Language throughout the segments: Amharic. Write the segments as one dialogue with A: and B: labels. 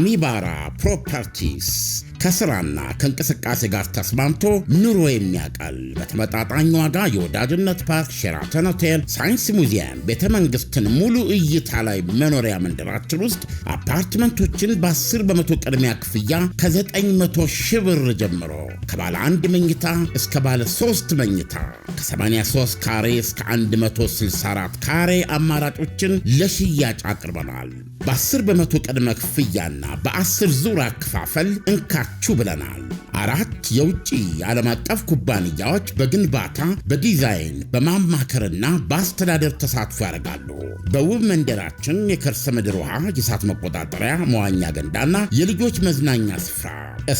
A: Amibara Properties ከስራና ከእንቅስቃሴ ጋር ተስማምቶ ኑሮ የሚያቀል በተመጣጣኝ ዋጋ የወዳጅነት ፓርክ፣ ሼራተን ሆቴል፣ ሳይንስ ሙዚየም፣ ቤተ መንግስትን ሙሉ እይታ ላይ መኖሪያ መንደራችን ውስጥ አፓርትመንቶችን በ10 በመቶ ቅድሚያ ክፍያ ከ900 ሺህ ብር ጀምሮ ከባለ አንድ መኝታ እስከ ባለ ሶስት መኝታ ከ83 ካሬ እስከ 164 ካሬ አማራጮችን ለሽያጭ አቅርበናል። በ10 በመቶ ቅድመ ክፍያና በ10 ዙር አከፋፈል እንካ ናችሁ ብለናል። አራት የውጭ ዓለም አቀፍ ኩባንያዎች በግንባታ በዲዛይን በማማከርና በአስተዳደር ተሳትፎ ያደርጋሉ። በውብ መንደራችን የከርሰ ምድር ውሃ፣ የእሳት መቆጣጠሪያ፣ መዋኛ ገንዳና የልጆች መዝናኛ ስፍራ፣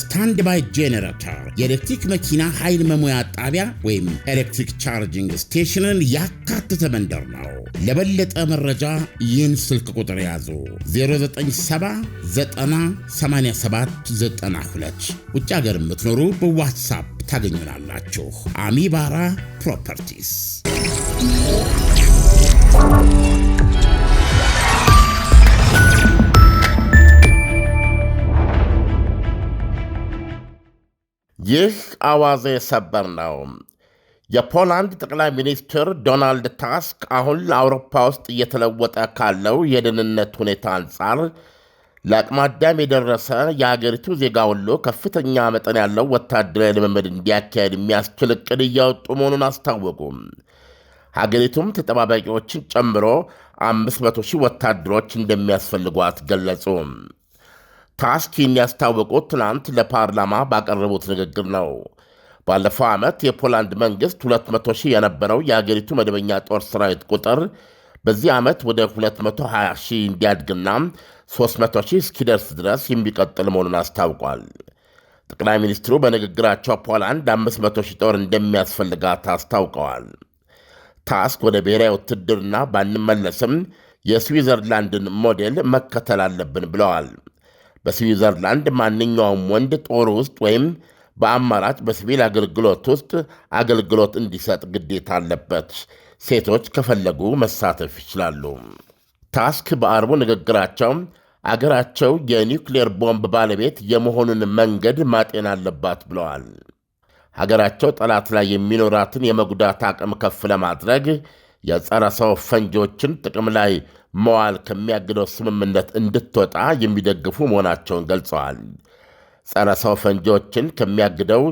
A: ስታንድ ባይ ጄኔሬተር፣ የኤሌክትሪክ መኪና ኃይል መሙያ ጣቢያ ወይም ኤሌክትሪክ ቻርጂንግ ስቴሽንን ያካተተ መንደር ነው። ለበለጠ መረጃ ይህን ስልክ ቁጥር ያዙ 0979 ሁለት ውጭ ሀገር የምትኖሩ በዋትሳፕ ታገኙናላችሁ። አሚባራ ፕሮፐርቲስ
B: ይህ አዋዜ ሰበር ነው። የፖላንድ ጠቅላይ ሚኒስትር ዶናልድ ታስክ አሁን አውሮፓ ውስጥ እየተለወጠ ካለው የደህንነት ሁኔታ አንጻር ለአቅመ አዳም የደረሰ የሀገሪቱ ዜጋ ሁሉ ከፍተኛ መጠን ያለው ወታደራዊ ልምምድ እንዲያካሄድ የሚያስችል እቅድ እያወጡ መሆኑን አስታወቁም። ሀገሪቱም ተጠባባቂዎችን ጨምሮ 500 ሺህ ወታደሮች እንደሚያስፈልጓት ገለጹ። ታስኪን ያስታወቁት ትናንት ለፓርላማ ባቀረቡት ንግግር ነው። ባለፈው ዓመት የፖላንድ መንግሥት 200 ሺህ የነበረው የአገሪቱ መደበኛ ጦር ሠራዊት ቁጥር በዚህ ዓመት ወደ 220 ሺህ እንዲያድግና 300 ሺህ እስኪደርስ ድረስ የሚቀጥል መሆኑን አስታውቋል። ጠቅላይ ሚኒስትሩ በንግግራቸው ፖላንድ 500 ሺህ ጦር እንደሚያስፈልጋት አስታውቀዋል። ታስክ ወደ ብሔራዊ ውትድርና ባንመለስም የስዊዘርላንድን ሞዴል መከተል አለብን ብለዋል። በስዊዘርላንድ ማንኛውም ወንድ ጦር ውስጥ ወይም በአማራጭ በሲቪል አገልግሎት ውስጥ አገልግሎት እንዲሰጥ ግዴታ አለበት። ሴቶች ከፈለጉ መሳተፍ ይችላሉ። ታስክ በአርቡ ንግግራቸው አገራቸው የኒውክሌር ቦምብ ባለቤት የመሆኑን መንገድ ማጤን አለባት ብለዋል። ሀገራቸው ጠላት ላይ የሚኖራትን የመጉዳት አቅም ከፍ ለማድረግ የጸረ ሰው ፈንጂዎችን ጥቅም ላይ መዋል ከሚያግደው ስምምነት እንድትወጣ የሚደግፉ መሆናቸውን ገልጸዋል። ጸረ ሰው ፈንጂዎችን ከሚያግደው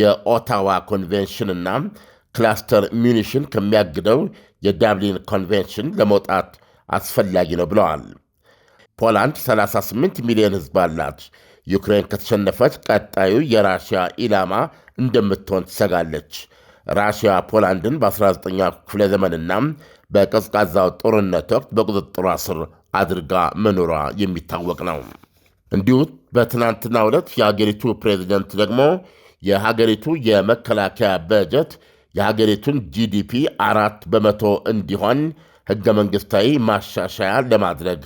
B: የኦታዋ ኮንቬንሽንና ክላስተር ሚኒሽን ከሚያግደው የዳብሊን ኮንቬንሽን ለመውጣት አስፈላጊ ነው ብለዋል። ፖላንድ 38 ሚሊዮን ህዝብ አላት። ዩክሬን ከተሸነፈች ቀጣዩ የራሽያ ኢላማ እንደምትሆን ትሰጋለች። ራሽያ ፖላንድን በ 19 ኛ ክፍለ ዘመንና በቀዝቃዛው ጦርነት ወቅት በቁጥጥሯ ስር አድርጋ መኖሯ የሚታወቅ ነው። እንዲሁ በትናንትናው ዕለት የሀገሪቱ ፕሬዚደንት ደግሞ የሀገሪቱ የመከላከያ በጀት የሀገሪቱን ጂዲፒ አራት በመቶ እንዲሆን ህገ መንግሥታዊ ማሻሻያ ለማድረግ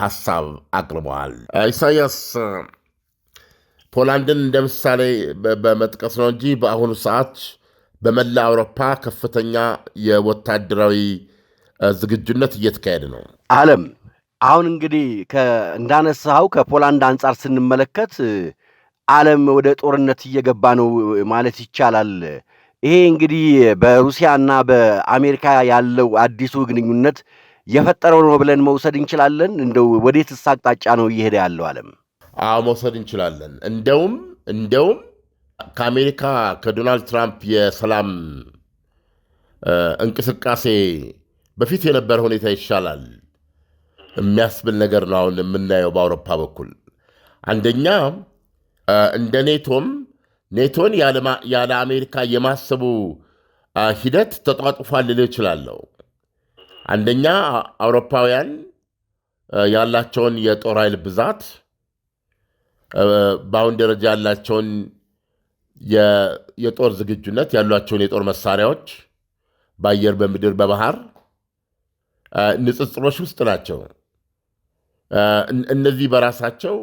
B: ሀሳብ አቅርበዋል። ኢሳያስ ፖላንድን እንደ ምሳሌ በመጥቀስ ነው እንጂ በአሁኑ ሰዓት በመላ አውሮፓ ከፍተኛ የወታደራዊ ዝግጁነት እየተካሄደ ነው። አለም አሁን እንግዲህ እንዳነሳው ከፖላንድ አንጻር ስንመለከት አለም ወደ ጦርነት እየገባ ነው ማለት ይቻላል። ይሄ እንግዲህ እና በአሜሪካ ያለው አዲሱ ግንኙነት የፈጠረው ነው ብለን መውሰድ እንችላለን? እንደው ወዴትስ አቅጣጫ ነው እየሄደ ያለው አለም? አዎ መውሰድ እንችላለን። እንደውም እንደውም ከአሜሪካ ከዶናልድ ትራምፕ የሰላም እንቅስቃሴ በፊት የነበረ ሁኔታ ይሻላል የሚያስብል ነገር ነው አሁን የምናየው በአውሮፓ በኩል። አንደኛ እንደ ኔቶም ኔቶን ያለ አሜሪካ የማሰቡ ሂደት ተጧጡፏል ልል እችላለሁ። አንደኛ አውሮፓውያን ያላቸውን የጦር ኃይል ብዛት በአሁን ደረጃ ያላቸውን የጦር ዝግጁነት ያሏቸውን የጦር መሳሪያዎች በአየር፣ በምድር፣ በባህር ንጽጽሮች ውስጥ ናቸው። እነዚህ በራሳቸው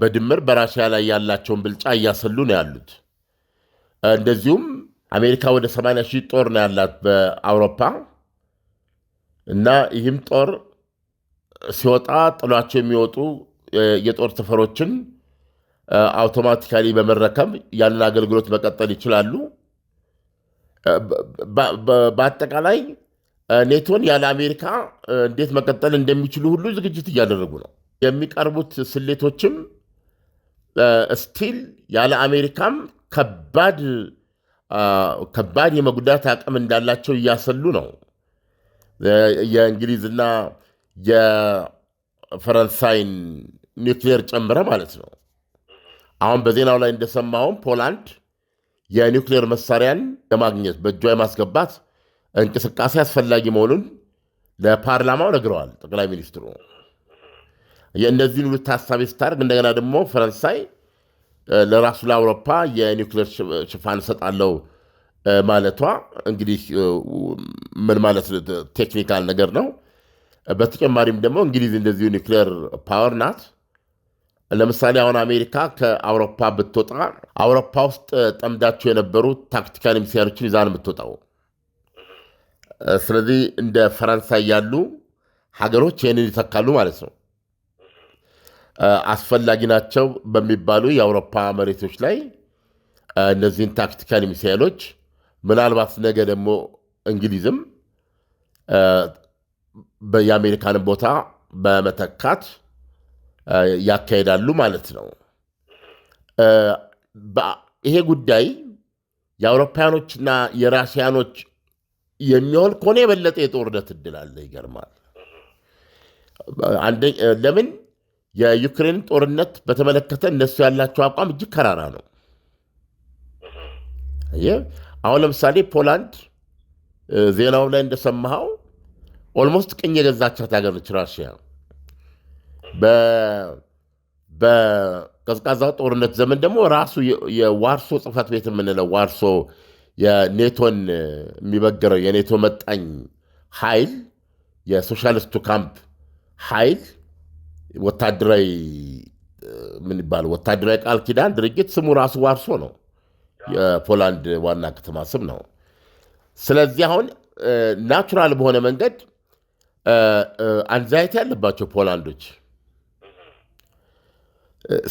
B: በድምር በራሽያ ላይ ያላቸውን ብልጫ እያሰሉ ነው ያሉት። እንደዚሁም አሜሪካ ወደ 80 ሺህ ጦር ነው ያላት በአውሮፓ እና ይህም ጦር ሲወጣ ጥሏቸው የሚወጡ የጦር ሰፈሮችን አውቶማቲካሊ በመረከብ ያንን አገልግሎት መቀጠል ይችላሉ። በአጠቃላይ ኔቶን ያለ አሜሪካ እንዴት መቀጠል እንደሚችሉ ሁሉ ዝግጅት እያደረጉ ነው። የሚቀርቡት ስሌቶችም ስቲል ያለ አሜሪካም ከባድ ከባድ የመጉዳት አቅም እንዳላቸው እያሰሉ ነው። የእንግሊዝና የፈረንሳይን ኒውክሌር ጨምረ ማለት ነው። አሁን በዜናው ላይ እንደሰማውም ፖላንድ የኒውክሌር መሳሪያን ለማግኘት በእጇ የማስገባት እንቅስቃሴ አስፈላጊ መሆኑን ለፓርላማው ነግረዋል ጠቅላይ ሚኒስትሩ። የእነዚህን ሁሉ ታሳቢ ስታደርግ እንደገና ደግሞ ፈረንሳይ ለራሱ ለአውሮፓ የኒውክሌር ሽፋን እሰጣለሁ ማለቷ እንግዲህ ምን ማለት ቴክኒካል ነገር ነው። በተጨማሪም ደግሞ እንግሊዝ እንደዚሁ ኒክሌር ፓወር ናት። ለምሳሌ አሁን አሜሪካ ከአውሮፓ ብትወጣ አውሮፓ ውስጥ ጠምዳቸው የነበሩ ታክቲካል ሚሳይሎችን ይዛ ነው የምትወጣው። ስለዚህ እንደ ፈረንሳይ ያሉ ሀገሮች ይህንን ይተካሉ ማለት ነው። አስፈላጊ ናቸው በሚባሉ የአውሮፓ መሬቶች ላይ እነዚህን ታክቲካል ሚሳይሎች ምናልባት ነገ ደግሞ እንግሊዝም የአሜሪካን ቦታ በመተካት ያካሄዳሉ ማለት ነው። ይሄ ጉዳይ የአውሮፓያኖችና የራሲያኖች የሚሆን ከሆነ የበለጠ የጦርነት እድል አለ። ይገርማል። ለምን የዩክሬን ጦርነት በተመለከተ እነሱ ያላቸው አቋም እጅግ ከራራ ነው። አሁን ለምሳሌ ፖላንድ ዜናው ላይ እንደሰማኸው ኦልሞስት ቅኝ የገዛቻት ሀገር ነች። ራሽያ በቀዝቃዛው ጦርነት ዘመን ደግሞ ራሱ የዋርሶ ጽህፈት ቤት የምንለው ዋርሶ የኔቶን የሚበግረው የኔቶ መጣኝ ኃይል የሶሻሊስቱ ካምፕ ኃይል ወታደራዊ ምን ይባል ወታደራዊ ቃል ኪዳን ድርጅት ስሙ ራሱ ዋርሶ ነው። የፖላንድ ዋና ከተማ ስም ነው። ስለዚህ አሁን ናቹራል በሆነ መንገድ አንዛይቲ ያለባቸው ፖላንዶች።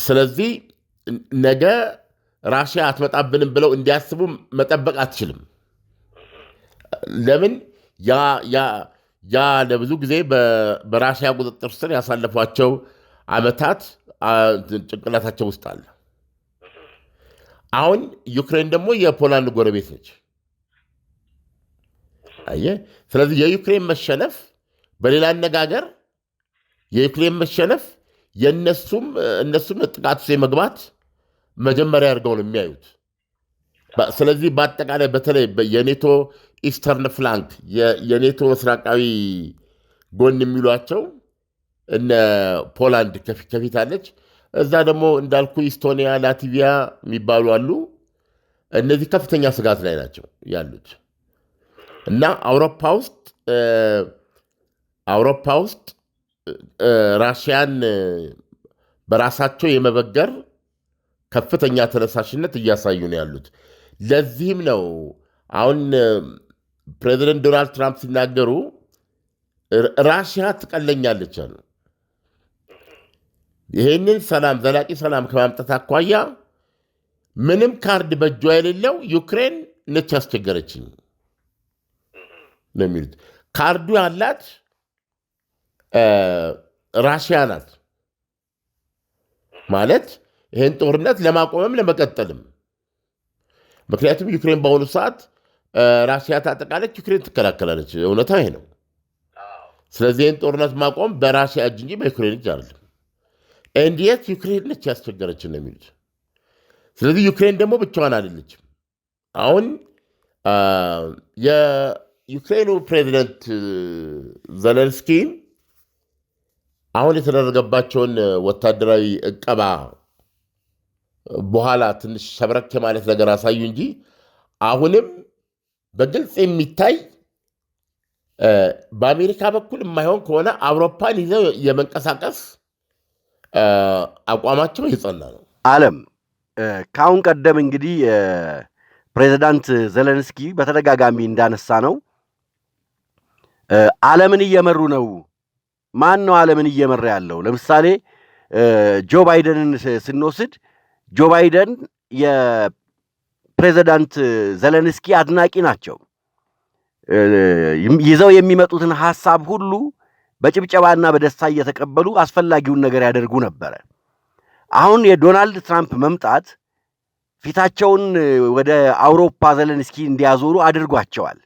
B: ስለዚህ ነገ ራሽያ አትመጣብንም ብለው እንዲያስቡ መጠበቅ አትችልም። ለምን ያ ለብዙ ጊዜ በራሽያ ቁጥጥር ስር ያሳለፏቸው ዓመታት ጭንቅላታቸው ውስጥ አለ። አሁን ዩክሬን ደግሞ የፖላንድ ጎረቤት ነች። አየህ፣ ስለዚህ የዩክሬን መሸነፍ በሌላ አነጋገር የዩክሬን መሸነፍ የእነሱም እነሱም ጥቃት ውስጥ መግባት መጀመሪያ አድርገው ነው የሚያዩት። ስለዚህ በአጠቃላይ በተለይ የኔቶ ኢስተርን ፍላንክ የኔቶ ምስራቃዊ ጎን የሚሏቸው እነ ፖላንድ ከፊት አለች። እዛ ደግሞ እንዳልኩ ኢስቶኒያ፣ ላትቪያ የሚባሉ አሉ። እነዚህ ከፍተኛ ስጋት ላይ ናቸው ያሉት እና አውሮፓ ውስጥ አውሮፓ ውስጥ ራሽያን በራሳቸው የመበገር ከፍተኛ ተነሳሽነት እያሳዩ ነው ያሉት። ለዚህም ነው አሁን ፕሬዚደንት ዶናልድ ትራምፕ ሲናገሩ ራሽያ ትቀለኛለች አሉ። ይህንን ሰላም ዘላቂ ሰላም ከማምጣት አኳያ ምንም ካርድ በእጇ የሌለው ዩክሬን ነች ያስቸገረችኝ ነው የሚሉት። ካርዱ ያላት ራሽያ ናት ማለት ይህን ጦርነት ለማቆምም ለመቀጠልም። ምክንያቱም ዩክሬን በአሁኑ ሰዓት ራሽያ ታጠቃለች፣ ዩክሬን ትከላከላለች። እውነታ ይሄ ነው። ስለዚህ ይህን ጦርነት ማቆም በራሽያ እጅ እንጂ በዩክሬን እጅ አይደለም። ኤንዲኤስ ዩክሬን ነች ያስቸገረች ነው የሚሉት። ስለዚህ ዩክሬን ደግሞ ብቻዋን አይደለችም። አሁን የዩክሬኑ ፕሬዚደንት ዘለንስኪ አሁን የተደረገባቸውን ወታደራዊ እቀባ በኋላ ትንሽ ሸብረክ ማለት ነገር አሳዩ እንጂ አሁንም በግልጽ የሚታይ በአሜሪካ በኩል የማይሆን ከሆነ አውሮፓን ይዘው የመንቀሳቀስ አቋማቸው የጸና ነው። አለም ከአሁን ቀደም እንግዲህ ፕሬዚዳንት ዘለንስኪ በተደጋጋሚ እንዳነሳ ነው አለምን እየመሩ ነው። ማን ነው አለምን እየመራ ያለው? ለምሳሌ ጆ ባይደንን ስንወስድ ጆ ባይደን የፕሬዚዳንት ዘለንስኪ አድናቂ ናቸው። ይዘው የሚመጡትን ሀሳብ ሁሉ በጭብጨባና በደስታ እየተቀበሉ አስፈላጊውን ነገር ያደርጉ ነበረ። አሁን የዶናልድ ትራምፕ መምጣት ፊታቸውን ወደ አውሮፓ ዘለንስኪ እንዲያዞሩ አድርጓቸዋል።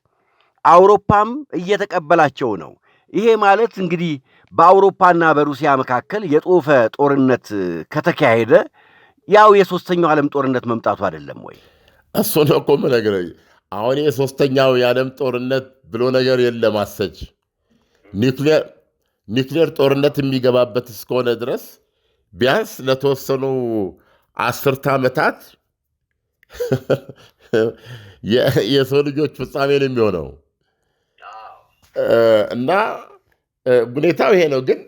B: አውሮፓም እየተቀበላቸው ነው። ይሄ ማለት እንግዲህ በአውሮፓና በሩሲያ መካከል የጦፈ ጦርነት ከተካሄደ ያው የሶስተኛው ዓለም ጦርነት መምጣቱ አይደለም ወይ? እሱ ነው እኮ የምነግርህ። አሁን የሶስተኛው የዓለም ጦርነት ብሎ ነገር የለም አሰጅ ኒክሌር ጦርነት የሚገባበት እስከሆነ ድረስ ቢያንስ ለተወሰኑ አስርተ ዓመታት የሰው ልጆች ፍጻሜ ነው የሚሆነው እና ሁኔታው ይሄ ነው። ግን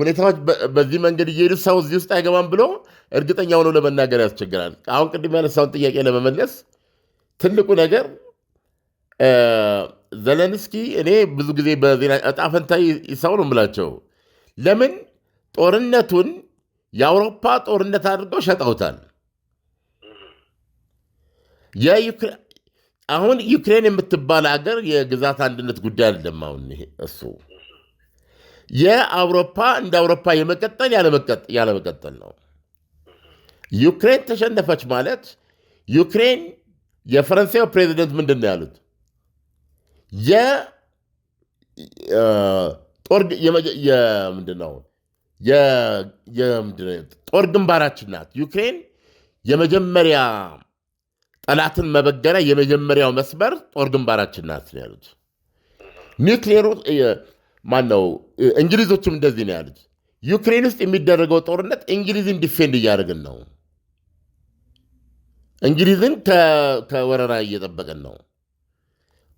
B: ሁኔታዎች በዚህ መንገድ እየሄዱ ሰው እዚህ ውስጥ አይገባም ብሎ እርግጠኛ ሆኖ ለመናገር ያስቸግራል። አሁን ቅድም ያነሳውን ጥያቄ ለመመለስ ትልቁ ነገር ዘለንስኪ እኔ ብዙ ጊዜ በዜና ዕጣ ፈንታ ይሰው ነው የምላቸው። ለምን ጦርነቱን የአውሮፓ ጦርነት አድርገው ሸጠውታል። አሁን ዩክሬን የምትባል ሀገር የግዛት አንድነት ጉዳይ አይደለም። አሁን እሱ የአውሮፓ እንደ አውሮፓ የመቀጠል ያለመቀጠል ነው። ዩክሬን ተሸነፈች ማለት ዩክሬን የፈረንሳዩ ፕሬዚደንት ምንድን ነው ያሉት? የጦር ነው ጦር ግንባራችን ናት ዩክሬን። የመጀመሪያ ጠላትን መበገሪያ የመጀመሪያው መስመር ጦር ግንባራችን ናት ነው ያሉት። ኒውክሌሩ ማን ነው? እንግሊዞችም እንደዚህ ነው ያሉት። ዩክሬን ውስጥ የሚደረገው ጦርነት እንግሊዝን ዲፌንድ እያደረግን ነው። እንግሊዝን ከወረራ እየጠበቅን ነው።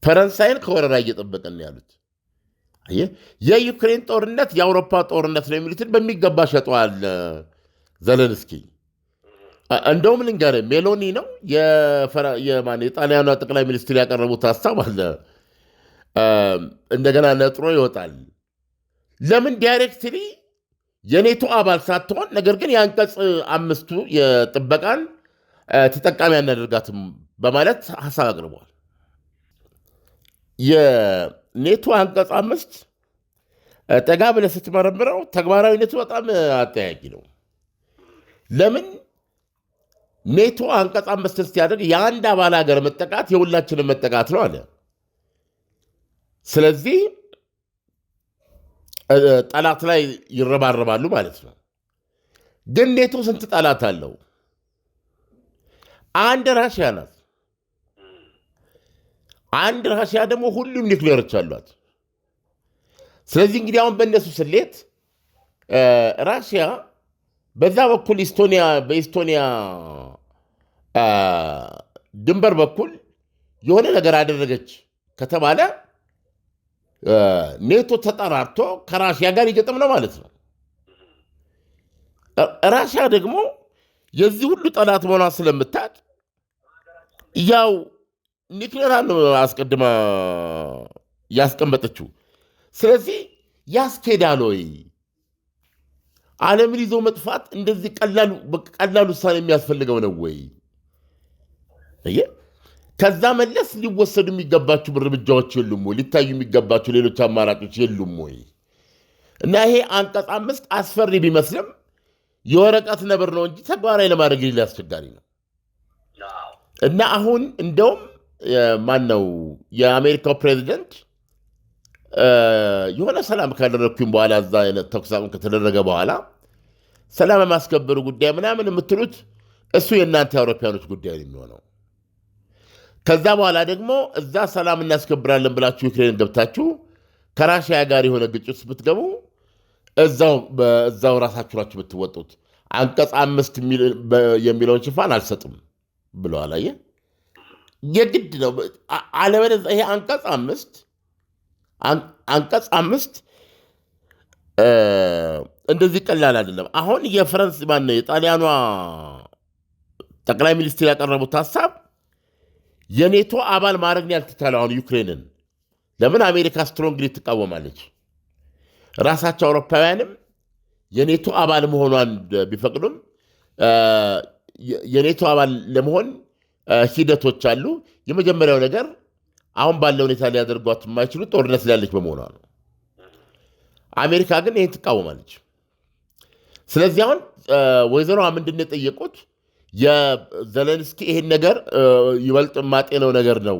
B: ፈረንሳይን ከወረራ እየጠበቀን ያሉት የዩክሬን ጦርነት የአውሮፓ ጦርነት ነው የሚሉትን በሚገባ ሸጠዋል ዘለንስኪ። እንደውም ልንገር ሜሎኒ ነው የጣሊያኗ ጠቅላይ ሚኒስትር ያቀረቡት ሀሳብ አለ እንደገና ነጥሮ ይወጣል። ለምን ዳይሬክትሊ የኔቶ አባል ሳትሆን ነገር ግን የአንቀጽ አምስቱ የጥበቃን ተጠቃሚ አናደርጋትም በማለት ሀሳብ አቅርበዋል። የኔቱ አንቀጽ አምስት ጠጋ ብለህ ስትመረምረው ተግባራዊነቱ በጣም አጠያቂ ነው። ለምን ኔቶ አንቀጽ አምስትን ሲያደርግ የአንድ አባል ሀገር መጠቃት የሁላችንም መጠቃት ነው አለ። ስለዚህ ጠላት ላይ ይረባረባሉ ማለት ነው። ግን ኔቶ ስንት ጠላት አለው? አንድ ራሽያ ናት። አንድ ራሽያ ደግሞ ሁሉም ኒክሌሮች አሏት። ስለዚህ እንግዲህ አሁን በእነሱ ስሌት ራሽያ በዛ በኩል ኢስቶኒያ በኢስቶኒያ ድንበር በኩል የሆነ ነገር አደረገች ከተባለ ኔቶ ተጠራርቶ ከራሽያ ጋር ይገጥም ነው ማለት ነው። ራሽያ ደግሞ የዚህ ሁሉ ጠላት መሆኗ ስለምታውቅ ያው ኒክሌር አለው አስቀድማ ያስቀመጠችው። ስለዚህ ያስኬዳል ወይ? ዓለምን ይዞ መጥፋት እንደዚህ ቀላሉ ውሳኔ የሚያስፈልገው ነው ወይ? ከዛ መለስ ሊወሰዱ የሚገባቸው እርምጃዎች የሉም ወይ? ሊታዩ የሚገባቸው ሌሎች አማራጮች የሉም ወይ? እና ይሄ አንቀጽ አምስት አስፈሪ ቢመስልም የወረቀት ነብር ነው እንጂ ተግባራዊ ለማድረግ ሌላ አስቸጋሪ ነው እና አሁን እንደውም ማን ነው የአሜሪካው ፕሬዚደንት የሆነ ሰላም ካደረግኩኝ በኋላ እዛ ተኩስ አቁም ከተደረገ በኋላ ሰላም የማስከበሩ ጉዳይ ምናምን የምትሉት እሱ የእናንተ የአውሮፓያኖች ጉዳይ ነው የሚሆነው። ከዛ በኋላ ደግሞ እዛ ሰላም እናስከብራለን ብላችሁ ዩክሬን ገብታችሁ ከራሽያ ጋር የሆነ ግጭት ብትገቡ እዛው ራሳችሁ ናችሁ የምትወጡት። አንቀጽ አምስት የሚለውን ሽፋን አልሰጥም ብለዋል። አየህ የግድ ነው። አለበለዚያ ይሄ አንቀጽ አምስት አንቀጽ አምስት እንደዚህ ቀላል አይደለም። አሁን የፈረንስ ማነው የጣሊያኗ ጠቅላይ ሚኒስትር ያቀረቡት ሀሳብ የኔቶ አባል ማድረግ ነው አሁን ዩክሬንን ለምን አሜሪካ ስትሮንግሊ ትቃወማለች? ራሳቸው አውሮፓውያንም የኔቶ አባል መሆኗን ቢፈቅዱም የኔቶ አባል ለመሆን ሂደቶች አሉ። የመጀመሪያው ነገር አሁን ባለው ሁኔታ ሊያደርጓት የማይችሉ ጦርነት ላይ ያለች በመሆኗ ነው። አሜሪካ ግን ይህን ትቃወማለች። ስለዚህ አሁን ወይዘሮ ምንድን ነው የጠየቁት? የዘለንስኪ ይህን ነገር ይበልጥ ማጤነው ነገር ነው፣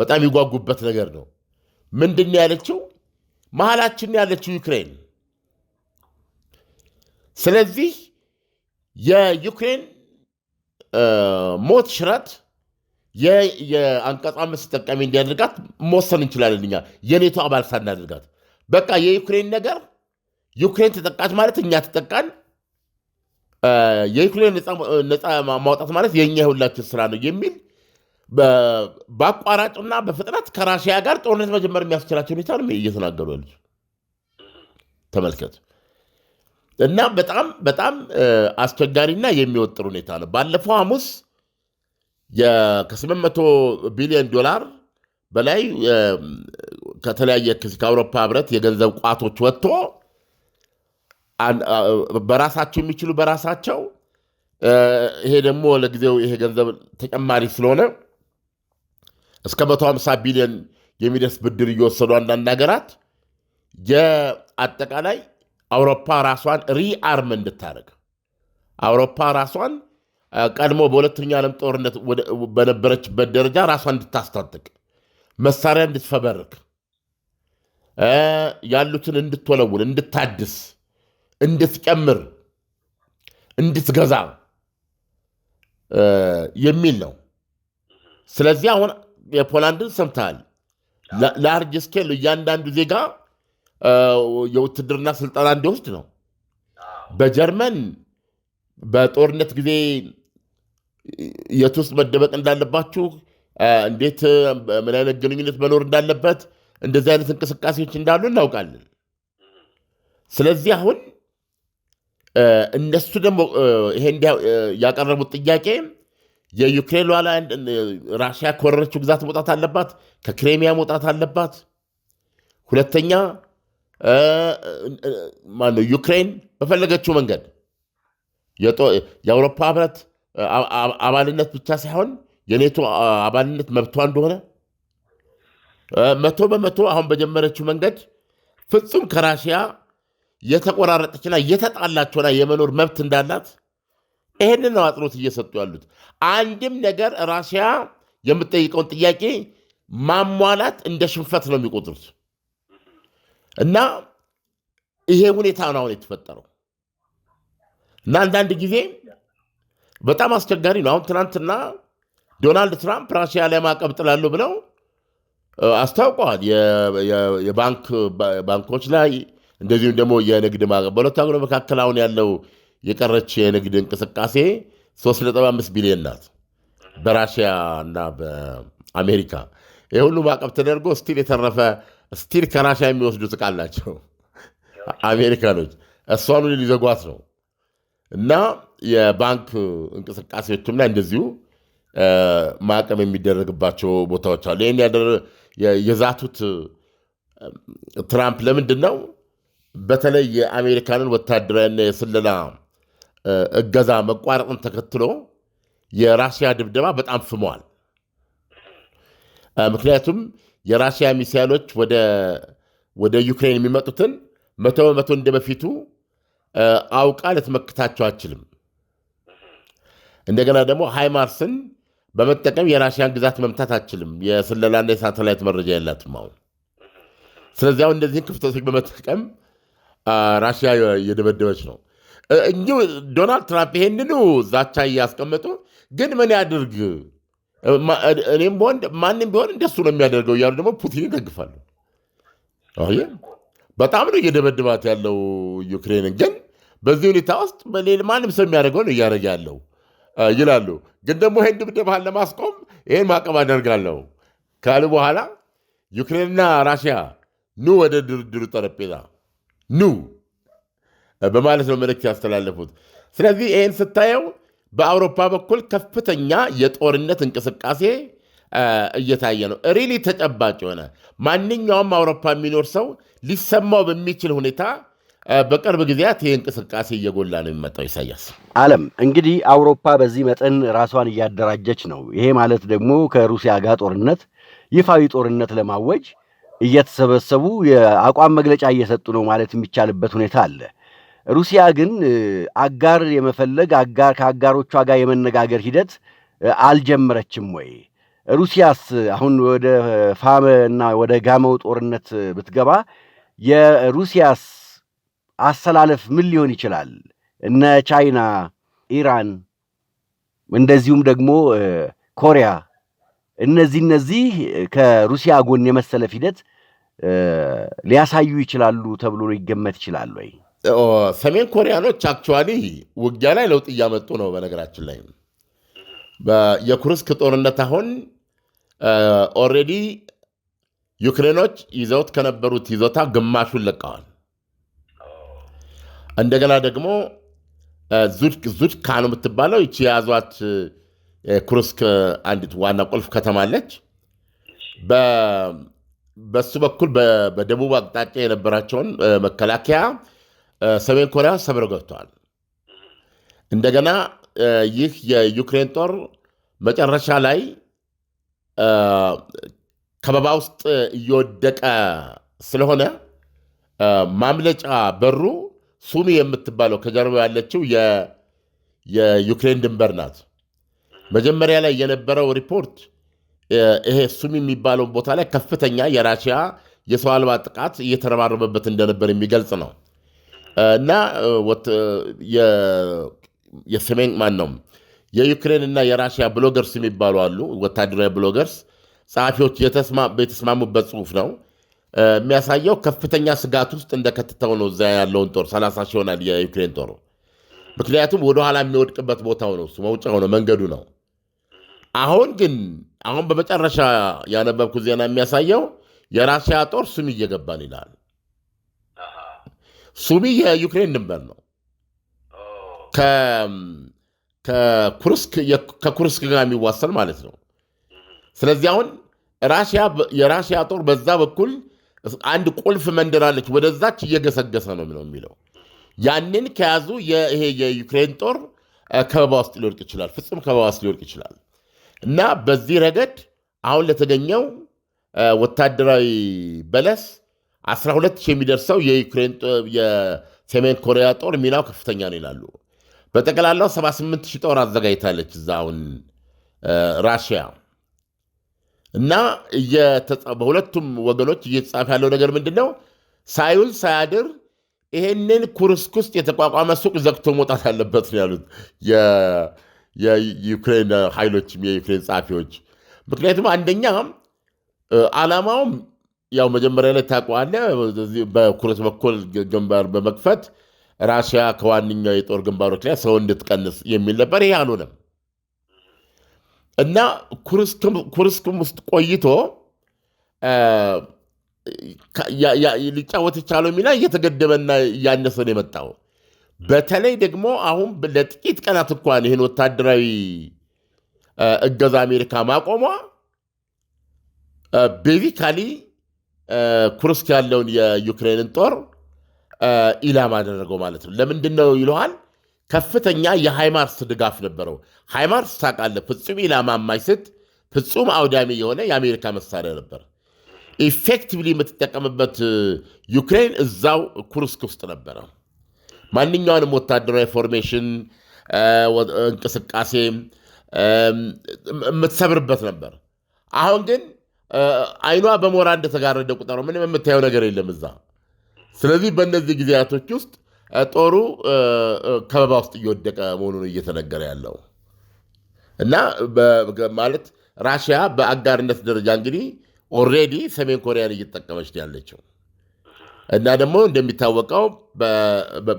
B: በጣም ይጓጉበት ነገር ነው። ምንድን ነው ያለችው? መሀላችን ያለችው ዩክሬን። ስለዚህ የዩክሬን ሞት ሽረት የአንቀጽ አምስት ተጠቃሚ እንዲያደርጋት መወሰን እንችላለን። እኛ የኔቶ አባል ሳናደርጋት በቃ የዩክሬን ነገር ዩክሬን ተጠቃች ማለት እኛ ተጠቃን፣ የዩክሬን ነፃ ማውጣት ማለት የእኛ የሁላችን ስራ ነው የሚል በአቋራጭና በፍጥነት ከራሽያ ጋር ጦርነት መጀመር የሚያስችላቸው ሁኔታ ነው እየተናገሩ ያሉት። ተመልከት እና በጣም በጣም አስቸጋሪና የሚወጥር ሁኔታ ነው። ባለፈው ሐሙስ ከ800 ቢሊዮን ዶላር በላይ ከተለያየ ከአውሮፓ ህብረት የገንዘብ ቋቶች ወጥቶ በራሳቸው የሚችሉ በራሳቸው ይሄ ደግሞ ለጊዜው ይሄ ገንዘብ ተጨማሪ ስለሆነ እስከ 150 ቢሊዮን የሚደርስ ብድር እየወሰዱ አንዳንድ ሀገራት የአጠቃላይ አውሮፓ ራሷን ሪአርም እንድታደርግ አውሮፓ ራሷን ቀድሞ በሁለተኛ ዓለም ጦርነት በነበረችበት ደረጃ ራሷን እንድታስታጥቅ መሳሪያ እንድትፈበርክ ያሉትን እንድትወለውል፣ እንድታድስ፣ እንድትጨምር፣ እንድትገዛ የሚል ነው። ስለዚህ አሁን የፖላንድን ሰምተሃል። ላርጅ ስኬል እያንዳንዱ ዜጋ የውትድርና ስልጠና እንዲወስድ ነው። በጀርመን በጦርነት ጊዜ የት ውስጥ መደበቅ እንዳለባችሁ፣ እንዴት ምን አይነት ግንኙነት መኖር እንዳለበት እንደዚህ አይነት እንቅስቃሴዎች እንዳሉ እናውቃለን። ስለዚህ አሁን እነሱ ደግሞ ይሄ ያቀረቡት ጥያቄ የዩክሬን ሉዓላ ራሽያ ከወረረችው ግዛት መውጣት አለባት፣ ከክሬሚያ መውጣት አለባት። ሁለተኛ ማነው ዩክሬን በፈለገችው መንገድ የአውሮፓ ህብረት አባልነት ብቻ ሳይሆን የኔቶ አባልነት መብቷ እንደሆነ መቶ በመቶ አሁን በጀመረችው መንገድ ፍጹም ከራሽያ የተቆራረጠችና ና የመኖር መብት እንዳላት ይህንን ነው አጽንኦት እየሰጡ ያሉት። አንድም ነገር ራሽያ የምትጠይቀውን ጥያቄ ማሟላት እንደ ሽንፈት ነው የሚቆጥሩት እና ይሄ ሁኔታ ነው አሁን የተፈጠረው እና አንዳንድ ጊዜ በጣም አስቸጋሪ ነው። አሁን ትናንትና ዶናልድ ትራምፕ ራሽያ ላይ ማዕቀብ ጥላሉ ብለው አስታውቀዋል። የባንክ ባንኮች ላይ እንደዚሁም ደግሞ የንግድ ማዕቀብ በሁለቱ ሀገሮች መካከል አሁን ያለው የቀረች የንግድ እንቅስቃሴ 3.5 ቢሊዮን ናት በራሽያ እና በአሜሪካ የሁሉ ሁሉ ማዕቀብ ተደርጎ ስቲል የተረፈ ስቲል ከራሽያ የሚወስዱ ዕቃ አላቸው አሜሪካኖች። እሷኑ ሊዘጓት ነው እና የባንክ እንቅስቃሴዎችም ላይ እንደዚሁ ማዕቀብ የሚደረግባቸው ቦታዎች አሉ። ይህን የዛቱት ትራምፕ ለምንድን ነው በተለይ የአሜሪካንን ወታደራዊና የስለላ እገዛ መቋረጥን ተከትሎ የራሽያ ድብደባ በጣም ፍመዋል። ምክንያቱም የራሽያ ሚሳይሎች ወደ ዩክሬን የሚመጡትን መቶ በመቶ እንደበፊቱ አውቃ ልትመክታቸው አችልም። እንደገና ደግሞ ሃይማርስን በመጠቀም የራሽያን ግዛት መምታት አችልም። የስለላና የሳተላይት መረጃ የላትም አሁን። ስለዚህ አሁን እንደዚህን ክፍተቶች በመጠቀም ራሽያ የደበደበች ነው እንጂ ዶናልድ ትራምፕ ይሄንኑ ዛቻ እያስቀመጡ ግን ምን ያድርግ እኔም ቢሆን ማንም ቢሆን እንደሱ ነው የሚያደርገው እያሉ ደግሞ ፑቲን ይደግፋሉ። በጣም ነው እየደበድባት ያለው ዩክሬንን። ግን በዚህ ሁኔታ ውስጥ ማንም ሰው የሚያደርገው ነው እያደረገ ያለው። ይላሉ። ግን ደግሞ ይህን ድብደባህን ለማስቆም ይህን ማዕቀብ አደርጋለሁ ካሉ በኋላ ዩክሬንና ራሽያ ኑ ወደ ድርድሩ ጠረጴዛ ኑ በማለት ነው መልእክት ያስተላለፉት። ስለዚህ ይህን ስታየው በአውሮፓ በኩል ከፍተኛ የጦርነት እንቅስቃሴ እየታየ ነው። ሪሊ ተጨባጭ የሆነ ማንኛውም አውሮፓ የሚኖር ሰው ሊሰማው በሚችል ሁኔታ በቅርብ ጊዜያት ይህ እንቅስቃሴ እየጎላ ነው የሚመጣው። ኢሳያስ አለም እንግዲህ አውሮፓ በዚህ መጠን ራሷን እያደራጀች ነው። ይሄ ማለት ደግሞ ከሩሲያ ጋር ጦርነት፣ ይፋዊ ጦርነት ለማወጅ እየተሰበሰቡ የአቋም መግለጫ እየሰጡ ነው ማለት የሚቻልበት ሁኔታ አለ። ሩሲያ ግን አጋር የመፈለግ አጋር ከአጋሮቿ ጋር የመነጋገር ሂደት አልጀመረችም ወይ? ሩሲያስ አሁን ወደ ፋመ እና ወደ ጋመው ጦርነት ብትገባ የሩሲያስ አሰላለፍ ምን ሊሆን ይችላል? እነ ቻይና፣ ኢራን እንደዚሁም ደግሞ ኮሪያ እነዚህ እነዚህ ከሩሲያ ጎን የመሰለፍ ሂደት ሊያሳዩ ይችላሉ ተብሎ ሊገመት ይችላል ወይ? ሰሜን ኮሪያኖች አክቹዋሊ ውጊያ ላይ ለውጥ እያመጡ ነው። በነገራችን ላይ የኩርስክ ጦርነት አሁን ኦልሬዲ ዩክሬኖች ይዘውት ከነበሩት ይዞታ ግማሹን ለቀዋል። እንደገና ደግሞ ዙድካን የምትባለው ይቺ የያዟት ኩርስክ አንዲት ዋና ቁልፍ ከተማ አለች። በሱ በኩል በደቡብ አቅጣጫ የነበራቸውን መከላከያ ሰሜን ኮሪያ ሰብረው ገብተዋል። እንደገና ይህ የዩክሬን ጦር መጨረሻ ላይ ከበባ ውስጥ እየወደቀ ስለሆነ ማምለጫ በሩ ሱሚ የምትባለው ከጀርባ ያለችው የዩክሬን ድንበር ናት። መጀመሪያ ላይ የነበረው ሪፖርት ይሄ ሱሚ የሚባለው ቦታ ላይ ከፍተኛ የራሽያ የሰው አልባ ጥቃት እየተረባረበበት እንደነበር የሚገልጽ ነው እና የሰሜን ማን ነው እና የራሽያ ብሎገርስ የሚባሉ አሉ፣ ወታደራዊ ብሎገርስ ጸሐፊዎች የተስማሙበት ጽሁፍ ነው። የሚያሳየው ከፍተኛ ስጋት ውስጥ እንደከትተው ነው እዛ ያለውን ጦር ሰላሳ ሺህ ይሆናል የዩክሬን ጦር። ምክንያቱም ወደኋላ የሚወድቅበት ቦታው ነው እሱ ሆነ መንገዱ ነው። አሁን ግን አሁን በመጨረሻ ያነበብኩት ዜና የሚያሳየው የራሽያ ጦር ሱሚ እየገባን ይላል። ሱሚ የዩክሬን ድንበር ነው። ከኩርስክ ጋር የሚዋሰል ማለት ነው። ስለዚህ አሁን የራሽያ ጦር በዛ በኩል አንድ ቁልፍ መንደር አለች፣ ወደዛች እየገሰገሰ ነው ነው የሚለው ያንን ከያዙ ይሄ የዩክሬን ጦር ከበባ ውስጥ ሊወድቅ ይችላል፣ ፍጹም ከበባ ውስጥ ሊወድቅ ይችላል። እና በዚህ ረገድ አሁን ለተገኘው ወታደራዊ በለስ 12 የሚደርሰው የዩክሬን የሰሜን ኮሪያ ጦር ሚናው ከፍተኛ ነው ይላሉ። በጠቅላላው 78 ሺህ ጦር አዘጋጅታለች እዛ አሁን ራሽያ እና በሁለቱም ወገኖች እየተጻፈ ያለው ነገር ምንድን ነው? ሳይውል ሳያድር ይሄንን ኩርስኩስ የተቋቋመ ሱቅ ዘግቶ መውጣት አለበት ነው ያሉት የዩክሬን ኃይሎችም የዩክሬን ጸሐፊዎች። ምክንያቱም አንደኛ ዓላማውም ያው መጀመሪያ ላይ ታውቀዋለህ፣ በኩርስ በኩል ግንባር በመክፈት ራሽያ ከዋነኛው የጦር ግንባሮች ላይ ሰው እንድትቀንስ የሚል ነበር። ይሄ አልሆነም። እና ኩርስክም ውስጥ ቆይቶ ሊጫወት የቻለው ሚና እየተገደበና እያነሰ ነው የመጣው። በተለይ ደግሞ አሁን ለጥቂት ቀናት እንኳን ይህን ወታደራዊ እገዛ አሜሪካ ማቆሟ ቤዚካሊ ኩርስክ ያለውን የዩክሬንን ጦር ኢላማ አደረገው ማለት ነው። ለምንድን ነው ይለዋል ከፍተኛ የሃይማርስ ድጋፍ ነበረው። ሃይማርስ ታውቃለህ፣ ፍጹም ኢላማ የማይስት ፍጹም አውዳሚ የሆነ የአሜሪካ መሳሪያ ነበር። ኢፌክቲቭሊ የምትጠቀምበት ዩክሬን እዛው ኩርስክ ውስጥ ነበረ። ማንኛውንም ወታደራዊ ፎርሜሽን እንቅስቃሴ የምትሰብርበት ነበር። አሁን ግን አይኗ በሞራ እንደተጋረደ ቁጥር ምንም የምታየው ነገር የለም እዛ። ስለዚህ በእነዚህ ጊዜያቶች ውስጥ ጦሩ ከበባ ውስጥ እየወደቀ መሆኑን እየተነገረ ያለው እና ማለት ራሽያ በአጋርነት ደረጃ እንግዲህ ኦልሬዲ ሰሜን ኮሪያን እየተጠቀመች ያለችው እና ደግሞ እንደሚታወቀው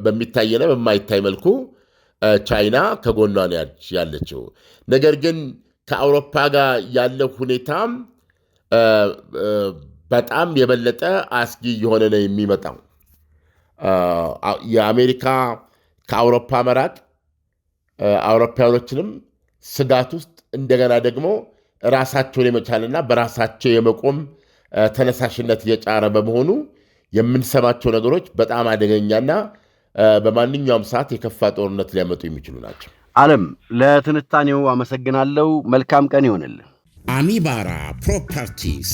B: በሚታይና በማይታይ መልኩ ቻይና ከጎኗ ያለችው። ነገር ግን ከአውሮፓ ጋር ያለው ሁኔታም በጣም የበለጠ አስጊ የሆነ ነው የሚመጣው የአሜሪካ ከአውሮፓ መራቅ አውሮፓውያኖችንም ስጋት ውስጥ እንደገና ደግሞ ራሳቸውን የመቻልና በራሳቸው የመቆም ተነሳሽነት እየጫረ በመሆኑ የምንሰማቸው ነገሮች በጣም አደገኛና በማንኛውም ሰዓት የከፋ ጦርነት ሊያመጡ የሚችሉ ናቸው። አለም ለትንታኔው አመሰግናለሁ። መልካም ቀን ይሆንልን። አሚባራ ፕሮፐርቲስ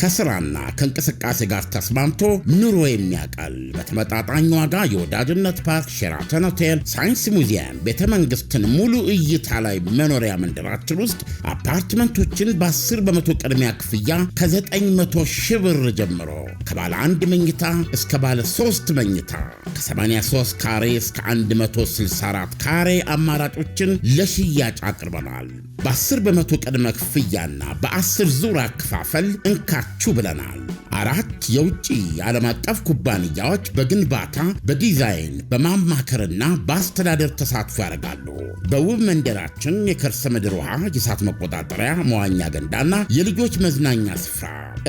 B: ከስራና ከእንቅስቃሴ ጋር ተስማምቶ ኑሮ የሚያቀል በተመጣጣኝ ዋጋ የወዳጅነት ፓርክ፣ ሼራተን ሆቴል፣ ሳይንስ ሙዚየም፣ ቤተ መንግስትን ሙሉ እይታ ላይ መኖሪያ መንደራችን ውስጥ አፓርትመንቶችን በ10 በመቶ ቅድሚያ ክፍያ ከ900 ሺህ ብር ጀምሮ ከባለ አንድ መኝታ እስከ ባለ ሶስት መኝታ ከ83 ካሬ እስከ 164 ካሬ አማራጮችን ለሽያጭ አቅርበናል። በ10 በመቶ ቅድመ ክፍያና በ10 ዙር አከፋፈል እንካችሁ ብለናል። አራት የውጭ ዓለም አቀፍ ኩባንያዎች በግንባታ በዲዛይን በማማከርና በአስተዳደር ተሳትፎ ያደርጋሉ። በውብ መንደራችን የከርሰ ምድር ውሃ፣ የእሳት መቆጣጠሪያ፣ መዋኛ ገንዳና የልጆች መዝናኛ ስፍራ፣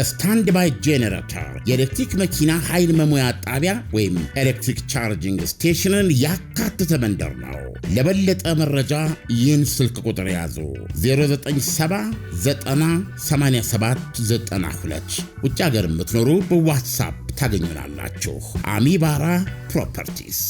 B: ስታንድ ባይ ጄኔሬተር፣ የኤሌክትሪክ መኪና ኃይል መሙያ ጣቢያ ወይም ኤሌክትሪክ ቻርጂንግ ስቴሽንን ያካተተ መንደር ነው። ለበለጠ መረጃ ይህን ስልክ ቁጥር ያዙ 0979 ውጭ ሀገር የምትኖሩ በዋትሳፕ ታገኙናላችሁ። አሚባራ ፕሮፐርቲስ